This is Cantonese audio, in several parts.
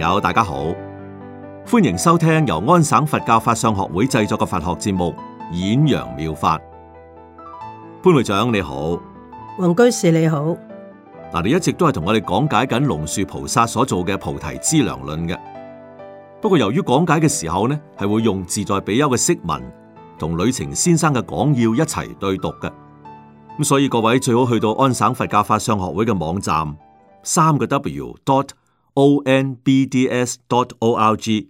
友大家好，歡迎收聽由安省佛教法相學會製作嘅佛學節目《演揚妙法》。潘會長你好，云居士你好，嗱你一直都係同我哋講解緊龍樹菩薩所做嘅《菩提資糧論》嘅。不過由於講解嘅時候呢，係會用自在比丘嘅釋文同呂澂先生嘅講要一齊對讀嘅，咁所以各位最好去到安省佛教法相學會嘅網站，三個 W dot。o n b d s dot o r g，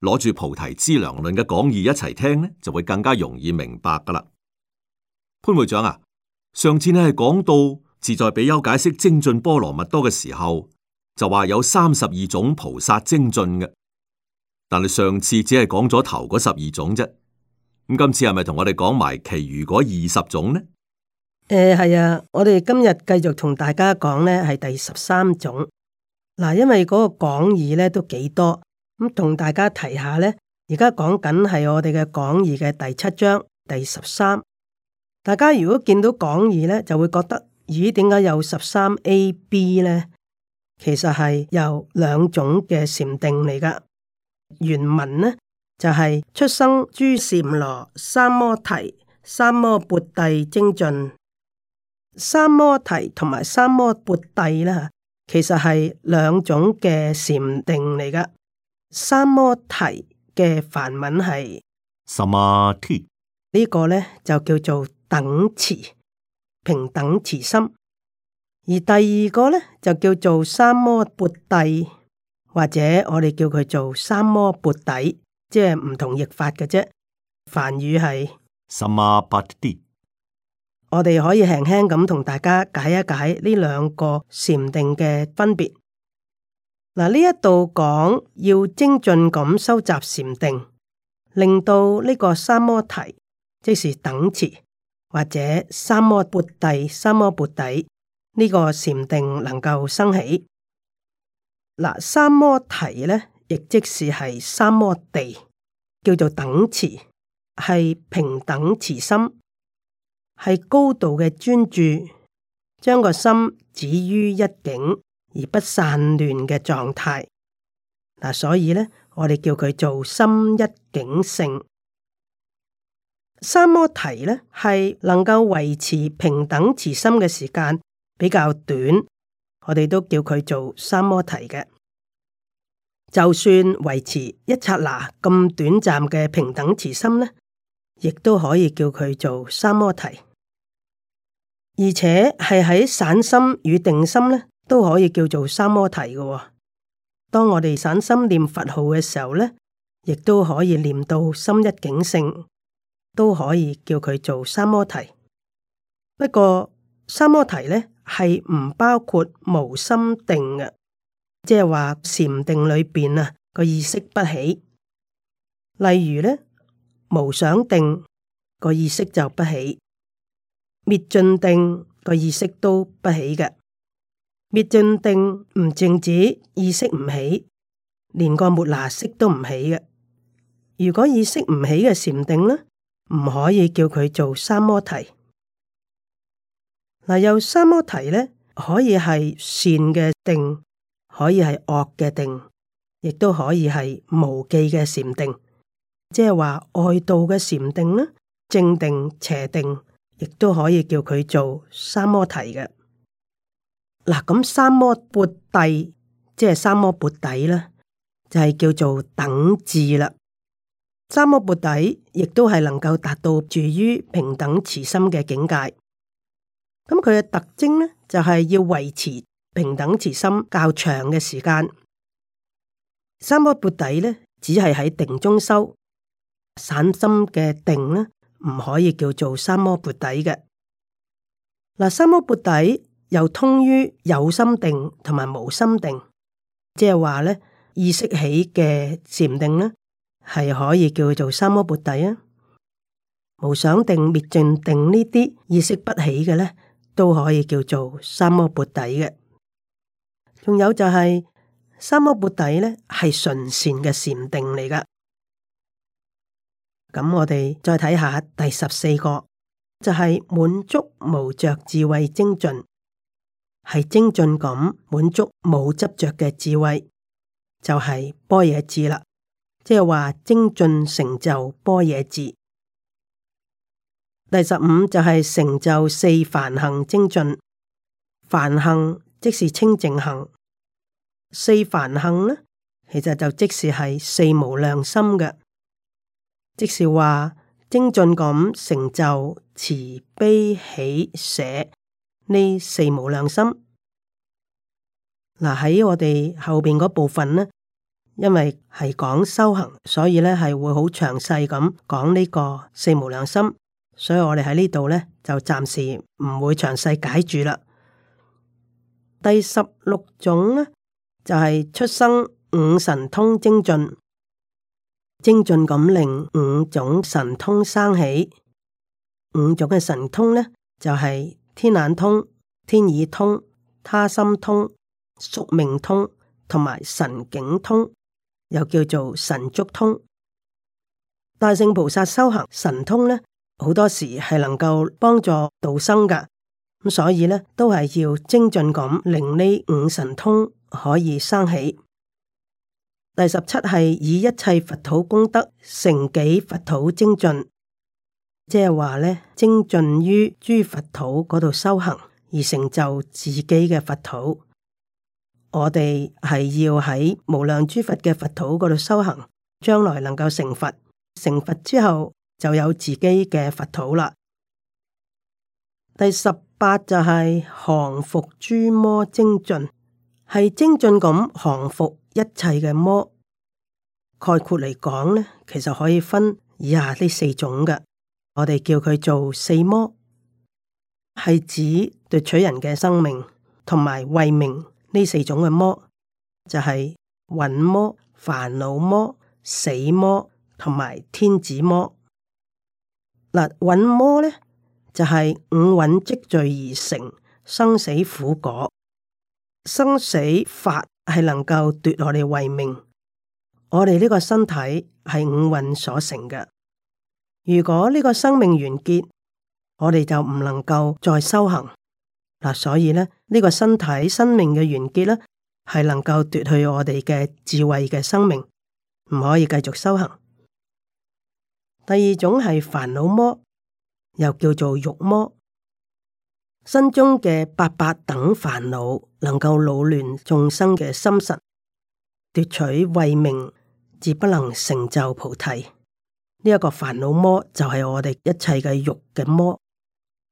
攞住菩提資糧論嘅講義一齊聽咧，就會更加容易明白噶啦。潘會長啊，上次你係講到自在比丘解釋精進波羅蜜多嘅時候，就話有三十二種菩薩精進嘅，但係上次只係講咗頭嗰十二種啫。咁今次係咪同我哋講埋其餘嗰二十種呢？誒、呃，係啊，我哋今日繼續同大家講咧，係第十三種。嗱，因為嗰個講義咧都幾多，咁同大家提下咧，而家講緊係我哋嘅講義嘅第七章第十三。大家如果見到講義咧，就會覺得咦，點解有十三 A、B 咧？其實係有兩種嘅禪定嚟噶。原文咧就係、是、出生諸禪羅三摩提、三摩拔帝精進、三摩提同埋三摩拔帝啦。其實係兩種嘅禪定嚟噶，三摩提嘅梵文係，三摩提個呢個咧就叫做等持，平等持心，而第二個咧就叫做三摩鉢提，或者我哋叫佢做三摩鉢底，即係唔同譯法嘅啫，梵語係三摩鉢我哋可以輕輕咁同大家解一解呢兩個禪定嘅分別。嗱，呢一度講要精進咁收集禪定，令到呢個三摩提，即是等持或者三摩鉢底、三摩鉢底呢個禪定能夠生起。嗱，三摩提咧，亦即是係三摩地，叫做等持，係平等持心。係高度嘅專注，將個心止於一境而不散亂嘅狀態。嗱、啊，所以咧，我哋叫佢做心一境性。三摩提咧，係能夠維持平等持心嘅時間比較短，我哋都叫佢做三摩提嘅。就算維持一剎那咁短暫嘅平等持心咧，亦都可以叫佢做三摩提。而且係喺散心與定心咧，都可以叫做三摩提嘅。當我哋散心念佛號嘅時候呢，亦都可以念到心一境性，都可以叫佢做三摩提。不過三摩提呢係唔包括無心定嘅，即係話禪定裏邊啊個意識不起，例如呢，無想定個意識就不起。滅盡定個意識都不起嘅，滅盡定唔淨止，意識唔起，連個末那識都唔起嘅。如果意識唔起嘅禪定咧，唔可以叫佢做三摩提。嗱，有三摩提咧，可以係善嘅定，可以係惡嘅定，亦都可以係無記嘅禪定，即係話外道嘅禪定啦，正定、邪定。亦都可以叫佢做三摩提嘅。嗱，咁三摩缽底即係三摩缽底啦，就係、是、叫做等至啦。三摩缽底亦都係能夠達到住於平等慈心嘅境界。咁佢嘅特徵咧，就係、是、要維持平等慈心較長嘅時間。三摩缽底咧，只係喺定中修散心嘅定啦。唔可以叫做三摩缽底嘅嗱，三摩缽底又通於有心定同埋無心定，即係話咧意識起嘅禪定咧係可以叫做三摩缽底啊，無想定、滅盡定呢啲意識不起嘅咧都可以叫做三摩缽底嘅。仲有就係、是、三摩缽底咧係純善嘅禪定嚟㗎。咁我哋再睇下第十四個就係、是、滿足無着智慧精進，係精進咁滿足冇執着嘅智慧就係般若智啦，即係話精進成就般若智。第十五就係成就四梵行精進，梵行即是清淨行，四梵行呢，其實就即是係四無量心嘅。即是話精進咁成就慈悲喜捨呢四無量心。嗱，喺我哋後邊嗰部分呢，因為係講修行，所以咧係會好詳細咁講呢個四無量心，所以我哋喺呢度咧就暫時唔會詳細解住啦。第十六種呢，就係出生五神通精進。精進咁令五種神通生起，五種嘅神通呢，就係天眼通、天耳通、他心通、宿命通同埋神境通，又叫做神足通。大聖菩薩修行神通呢，好多時係能夠幫助度生噶，咁所以呢，都係要精進咁令呢五神通可以生起。第十七係，以一切佛土功德成己佛土精進。即係話呢，精進於諸佛土嗰度修行而成就自己嘅佛土。我哋係要喺無量諸佛嘅佛土嗰度修行，將來能夠成佛。成佛之後就有自己嘅佛土啦。第十八就係降伏諸魔精進，係精進咁降伏。一切嘅魔，概括嚟講呢，其實可以分以下呢四種嘅，我哋叫佢做四魔，係指奪取人嘅生命同埋慧命。呢四種嘅魔，就係、是、蘊魔、煩惱魔、死魔同埋天子魔。嗱，蘊魔呢，就係、是、五蘊積聚而成，生死苦果，生死法。係能夠奪我哋慧命，我哋呢個身體係五蘊所成嘅。如果呢個生命完結，我哋就唔能夠再修行嗱。所以咧，呢、這個身體生命嘅完結咧，係能夠奪去我哋嘅智慧嘅生命，唔可以繼續修行。第二種係煩惱魔，又叫做欲魔。心中嘅八八等煩惱，能夠擾亂眾生嘅心神，奪取慧命，自不能成就菩提。呢、這、一個煩惱魔就係我哋一切嘅欲嘅魔，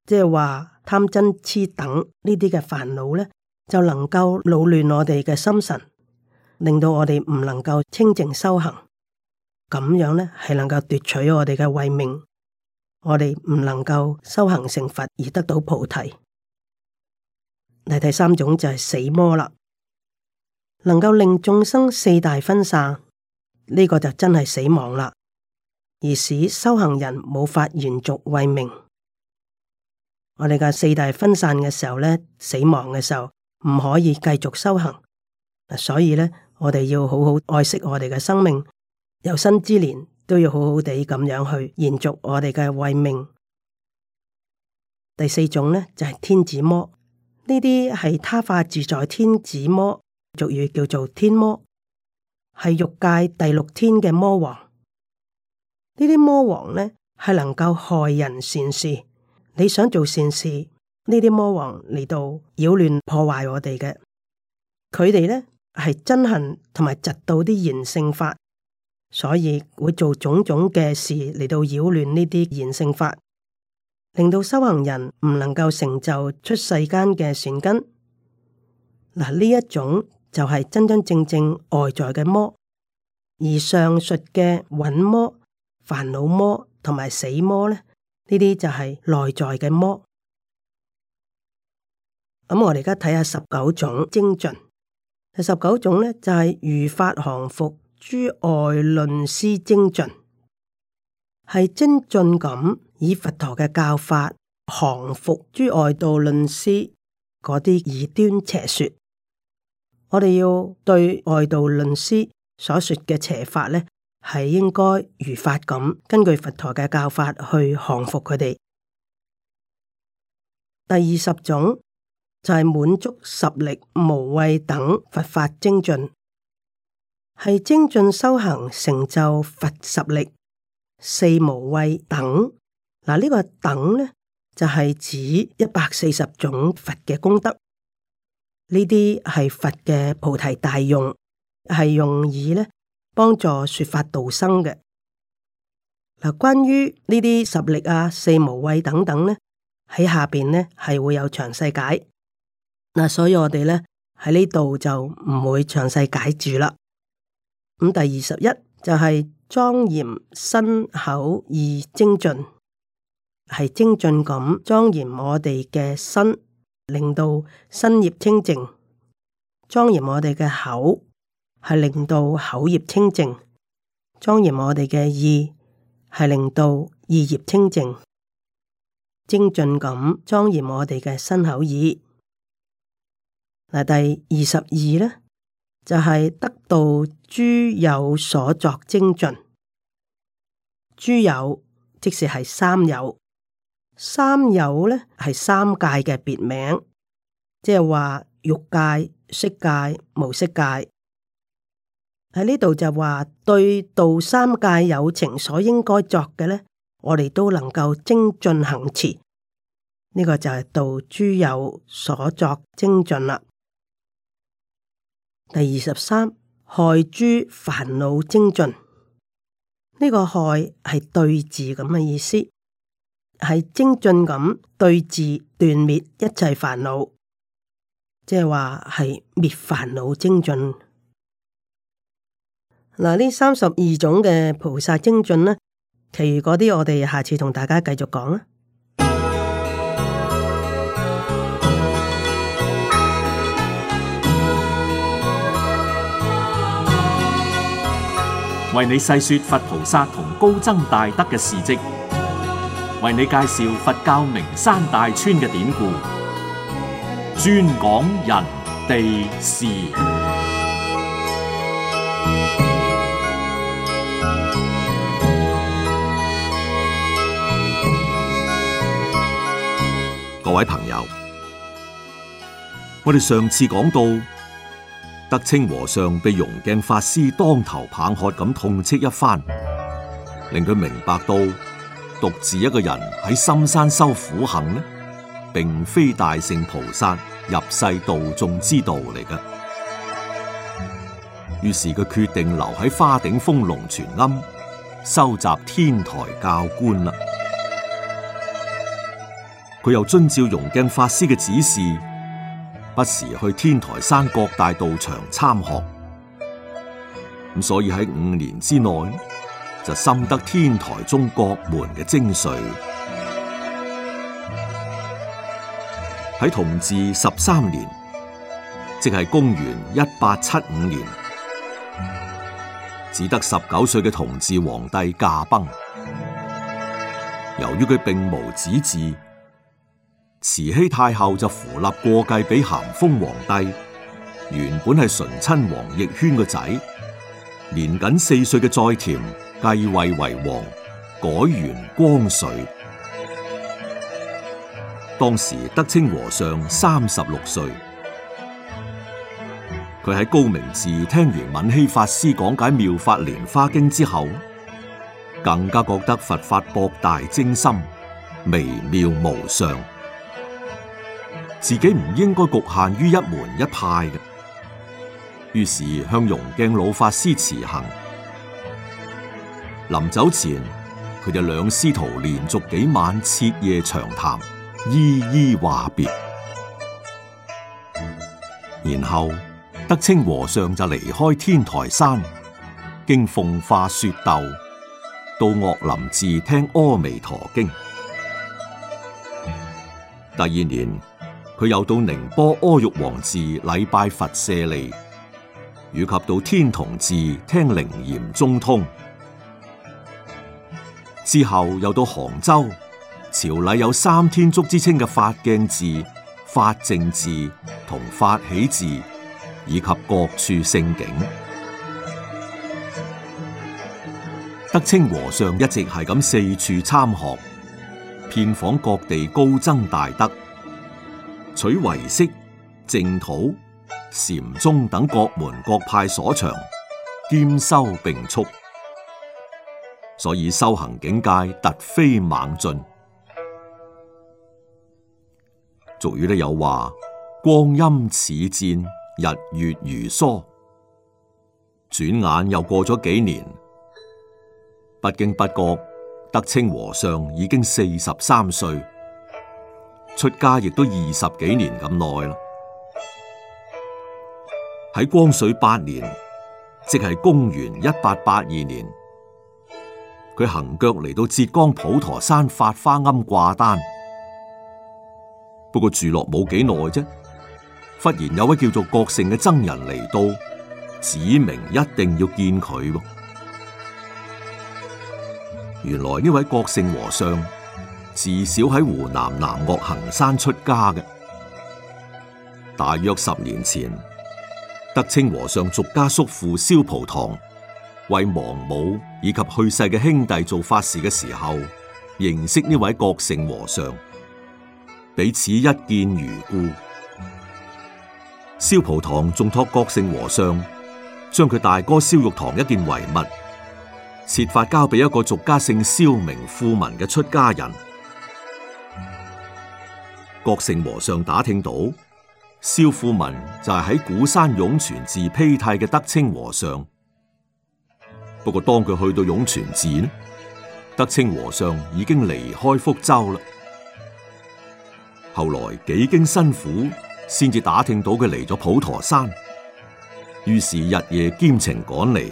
即係話貪、嗔、痴等呢啲嘅煩惱呢，就能夠擾亂我哋嘅心神，令到我哋唔能夠清淨修行。咁樣呢，係能夠奪取我哋嘅慧命，我哋唔能夠修行成佛而得到菩提。第三種就係死魔啦，能夠令眾生四大分散，呢、這個就真係死亡啦，而使修行人冇法延續慧命。我哋嘅四大分散嘅時候呢，死亡嘅時候唔可以繼續修行。所以呢，我哋要好好愛惜我哋嘅生命，有生之年都要好好地咁樣去延續我哋嘅慧命。第四種呢，就係、是、天子魔。呢啲係他化自在天子魔，俗語叫做天魔，係欲界第六天嘅魔王。呢啲魔王咧，係能夠害人善事，你想做善事，呢啲魔王嚟到擾亂破壞我哋嘅。佢哋咧，係憎恨同埋嫉妒啲賢聖法，所以會做種種嘅事嚟到擾亂呢啲賢聖法。令到修行人唔能夠成就出世間嘅善根，嗱呢一種就係真真正正外在嘅魔，而上述嘅蘊魔、煩惱魔同埋死魔咧，呢啲就係內在嘅魔。咁我哋而家睇下十九種精進，第十九種咧就係如法降伏諸外論師精進，係精進咁。以佛陀嘅教法降服諸外道論師嗰啲異端邪說，我哋要對外道論師所說嘅邪法咧，係應該如法咁根據佛陀嘅教法去降服佢哋。第二十種就係、是、滿足十力無畏等佛法精進，係精進修行成就佛十力四無畏等。嗱，呢個等咧就係、是、指一百四十種佛嘅功德，呢啲係佛嘅菩提大用，係用以咧幫助説法度生嘅。嗱，關於呢啲十力啊、四無畏等等咧，喺下邊咧係會有詳細解。嗱，所以我哋咧喺呢度就唔會詳細解住啦。咁第二十一就係莊嚴身口意精進。係精進咁莊嚴我哋嘅身，令到身業清淨；莊嚴我哋嘅口，係令到口業清淨；莊嚴我哋嘅意，係令到意業清淨。精進咁莊嚴我哋嘅身、口、意。嗱，第二十二咧，就係得到諸有所作精進，諸有即是係三有。三有呢，係三界嘅別名，即係話欲界、色界、無色界。喺呢度就話對道三界有情所應該作嘅呢，我哋都能夠精進行持，呢、這個就係道諸有所作精進啦。第二十三害諸煩惱精進，呢、這個害係對治咁嘅意思。係精進咁對治斷滅一切煩惱，即係話係滅煩惱精進。嗱，呢三十二種嘅菩薩精進呢，其餘嗰啲我哋下次同大家繼續講啊。為你細說佛菩薩同高僧大德嘅事跡。為你介紹佛教名山大川嘅典故，專講人地事。各位朋友，我哋上次講到，德清和尚被融鏡法師當頭棒喝咁痛斥一番，令佢明白到。獨自一個人喺深山修苦行呢，並非大聖菩薩入世度眾之道嚟嘅。於是佢決定留喺花頂峰龍泉庵，收集天台教觀啦。佢又遵照融鏡法師嘅指示，不時去天台山各大道場參學。咁所以喺五年之內。就深得天台中各門嘅精髓。喺同治十三年，即係公元一八七五年，只得十九歲嘅同治皇帝駕崩。由於佢並無子嗣，慈禧太后就扶立過繼俾咸豐皇帝，原本係醇親王奕譞個仔、年僅四歲嘅載湉，繼位為王，改元光緒。當時德清和尚三十六歲，佢喺高明寺聽完敏熙法師講解《妙法蓮花經》之後，更加覺得佛法博大精深、微妙無常。自己唔應該局限於一門一派嘅。於是向融鏡老法師辭行。臨走前，佢哋兩師徒連續幾晚徹夜長談，依依話別。然後，德清和尚就離開天台山，經奉化雪竇，到岳林寺聽《阿彌陀經》。第二年，佢又到寧波阿育王寺禮拜佛舍利，以及到天童寺聽《楞嚴宗通》。之後又到杭州，朝禮有三天竺之稱嘅法鏡寺、法淨寺同法喜寺，以及各處聖景。德清和尚一直係咁四處參學，遍訪各地高僧大德，取唯識、淨土、禪宗等各門各派所長，兼修並蓄。所以修行境界突飛猛進，俗語都有話：光陰似箭，日月如梭。轉眼又過咗幾年，不經不覺，德清和尚已經四十三歲，出家亦都二十幾年咁耐啦。喺光緒八年，即係公元一八八二年。佢行腳嚟到浙江普陀山發花庵掛單，不過住落冇幾耐啫。忽然有位叫做郭姓嘅僧人嚟到，指明一定要見佢。原來呢位郭姓和尚，自小喺湖南南岳衡山出家嘅。大約十年前，德清和尚俗家叔父蕭蒲堂，為亡母以及去世嘅兄弟做法事嘅時候，認識呢位郭姓和尚，彼此一見如故。蕭蒲堂仲託郭姓和尚將佢大哥蕭玉堂一件遺物，設法交俾一個俗家姓蕭名富民嘅出家人。郭姓和尚打聽到蕭富民就係喺鼓山湧泉寺披剃嘅德清和尚。不過當佢去到湧泉寺呢，德清和尚已經離開福州啦。後來幾經辛苦，先至打聽到佢嚟咗普陀山，於是日夜兼程趕嚟。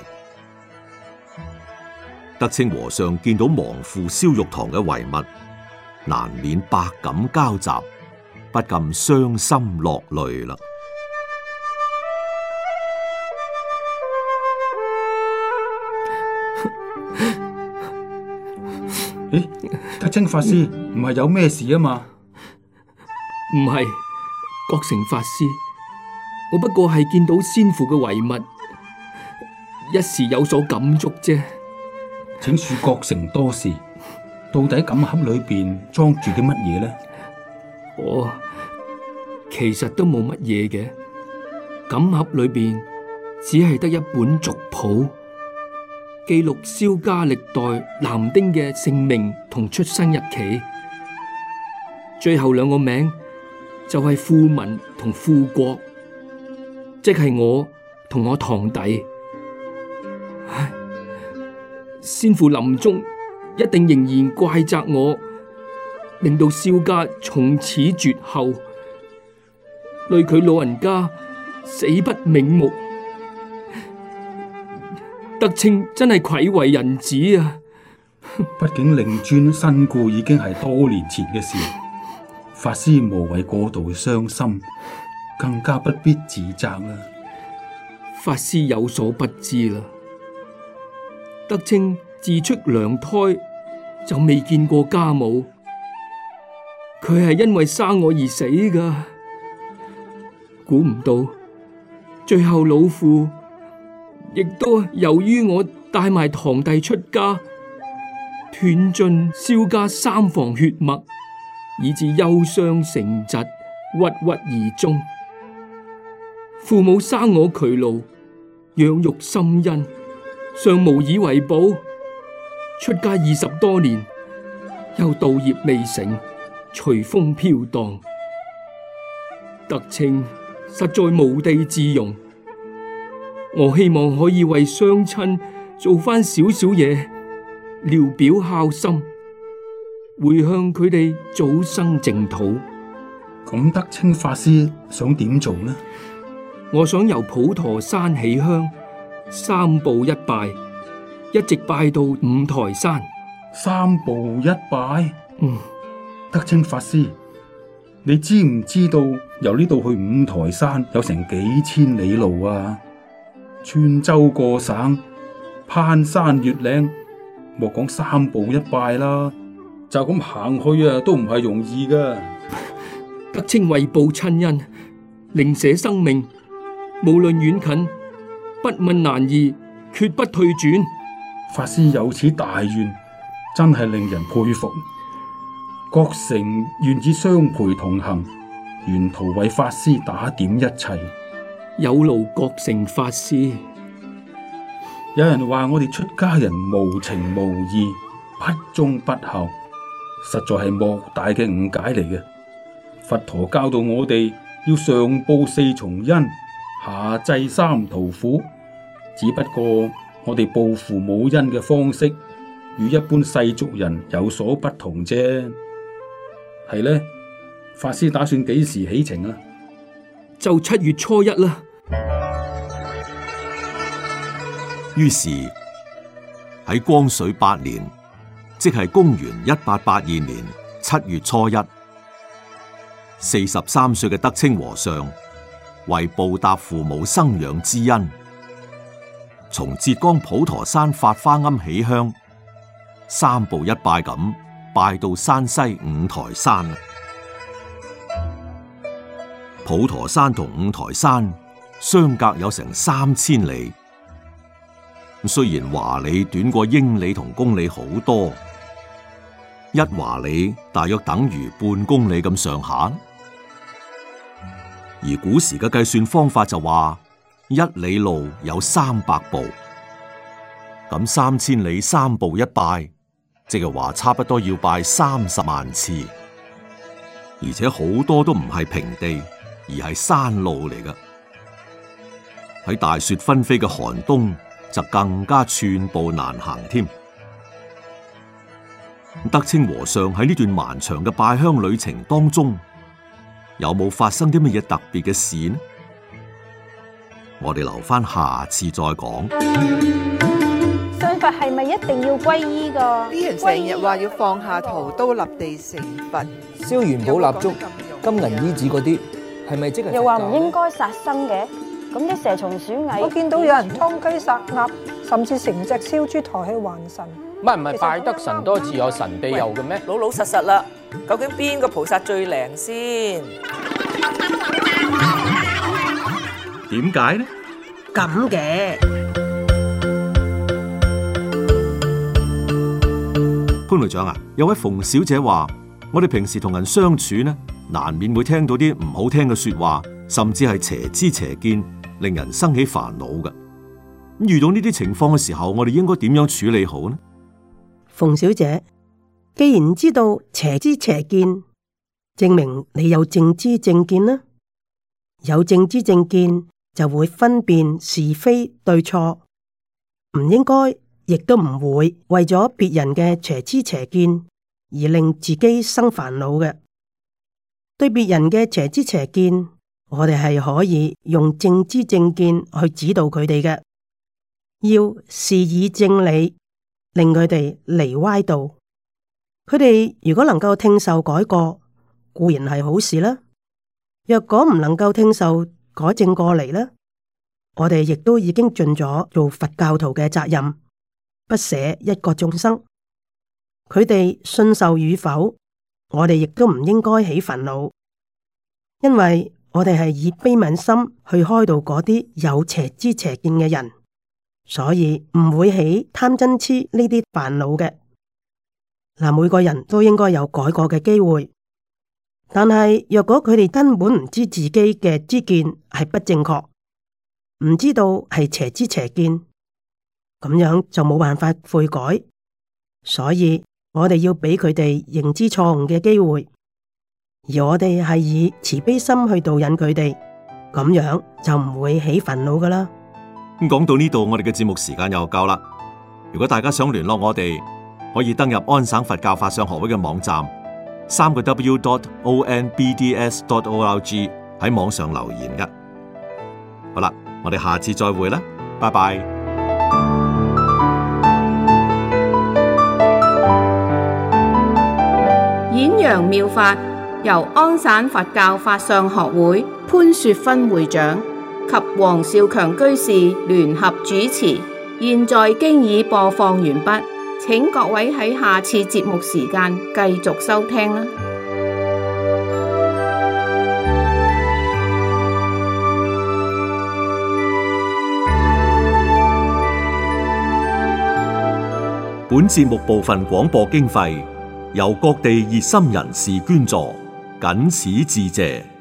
德清和尚見到亡父蕭玉堂嘅遺物，難免百感交集，不禁傷心落淚啦。誒，德清法師唔係有咩事啊嘛？唔係，國成法師，我不過係見到先父嘅遺物，一時有所感觸啫。請恕國成多事，到底錦盒裏邊裝住啲乜嘢呢？哦，其實都冇乜嘢嘅，錦盒裏邊只係得一本族譜。記錄蕭家歷代男丁嘅姓名同出生日期，最後兩個名就係富民同富國，即係我同我堂弟。唉，先父臨終一定仍然怪責我，令到蕭家從此絕後，累佢老人家死不瞑目。德清真係愧為人子啊！畢 竟令尊身故已經係多年前嘅事，法師無謂過度傷心，更加不必自責啦，啊。法師有所不知啦，德清自出娘胎就未見過家母，佢係因為生我而死噶，估唔到最後老父。亦都由於我帶埋堂弟出家，斷盡蕭家三房血脈，以致憂傷成疾，鬱鬱而終。父母生我劬勞，養育深恩，尚無以為報。出家二十多年，又道業未成，隨風飄蕩，特稱實在無地自容。我希望可以為雙親做返少少嘢，聊表孝心，回向佢哋早生淨土。咁德清法師想點做呢？我想由普陀山起香，三步一拜，一直拜到五台山。三步一拜？嗯，德清法師，你知唔知道由呢度去五台山有成幾千里路啊？穿州過省，攀山越嶺，莫講三步一拜啦，就咁行去啊，都唔係容易噶。得稱為報親恩，寧捨生命，無論遠近，不問難易，決不退轉。法師有此大願，真係令人佩服。國成願意相陪同行，沿途為法師打點一切。有勞各成法師。有人話我哋出家人無情無義、不忠不孝，實在係莫大嘅誤解嚟嘅。佛陀教導我哋要上報四重恩，下濟三途苦。只不過我哋報父母恩嘅方式，與一般世俗人有所不同啫。係呢，法師打算幾時起程啊？就七月初一啦。於是喺光緒八年，即係公元一八八二年七月初一，四十三歲嘅德清和尚為報答父母生養之恩，從浙江普陀山發花庵起香，三步一拜咁拜到山西五台山。普陀山同五台山，相隔有成三千里，雖然華里短過英里同公里好多，一華里大約等於半公里咁上下。而古時嘅計算方法就話一里路有三百步，咁三千里三步一拜，即係話差不多要拜三十萬次，而且好多都唔係平地，而係山路嚟㗎。喺大雪紛飛嘅寒冬，就更加寸步難行添。德清和尚喺呢段漫長嘅拜香旅程當中，有冇發生啲乜嘢特別嘅事呢？我哋留翻下，下次再講。信佛係咪一定要皈依噶？啲人成日話要放下屠刀立地成佛，燒元寶蠟燭、啊、金銀衣紙嗰啲，係咪即係？又話唔應該殺生嘅？咁啲蛇蟲鼠蟻，我見到有人劏雞殺鴨，甚至成隻燒豬抬去還神。唔係唔係，拜得神多自有神庇佑嘅咩？老老實實啦，究竟邊個菩薩最靈先？點解呢？咁嘅潘隊長啊，有位馮小姐話：我哋平時同人相處呢，難免會聽到啲唔好聽嘅說話，甚至係邪知邪見。令人生起煩惱嘅。遇到呢啲情況嘅時候，我哋應該點樣處理好呢？馮小姐，既然知道邪知邪見，證明你有正知正見啦。有正知正見就會分辨是非對錯，唔應該亦都唔會為咗別人嘅邪知邪見而令自己生煩惱嘅。對別人嘅邪知邪見。我哋係可以用正知正見去指導佢哋嘅，要事以正理，令佢哋離歪道，佢哋如果能夠聽受改過，固然係好事啦。若果唔能夠聽受改正過嚟啦，我哋亦都已經盡咗做佛教徒嘅責任，不捨一個眾生，佢哋信受與否，我哋亦都唔應該起煩惱，因為。我哋係以悲憫心去開導嗰啲有邪知邪見嘅人，所以唔會起貪嗔癡呢啲煩惱嘅。嗱，每個人都應該有改過嘅機會，但係若果佢哋根本唔知自己嘅知見係不正確，唔知道係邪知邪見，咁樣就冇辦法悔改。所以我哋要俾佢哋認知錯誤嘅機會。而我哋係以慈悲心去導引佢哋，咁樣就唔會起煩惱噶啦。咁講到呢度，我哋嘅節目時間又夠啦。如果大家想聯絡我哋，可以登入安省佛教法相學會嘅網站，三個 W dot O N B D S dot O R G 喺網上留言噶。好啦，我哋下次再會啦，拜拜。演揚妙法。由安省佛教法相學會潘雪芬會長及黃少強居士聯合主持，現在經已播放完畢，請各位喺下次節目時間繼續收聽啦。本節目部分廣播經費由各地熱心人士捐助。僅此致謝。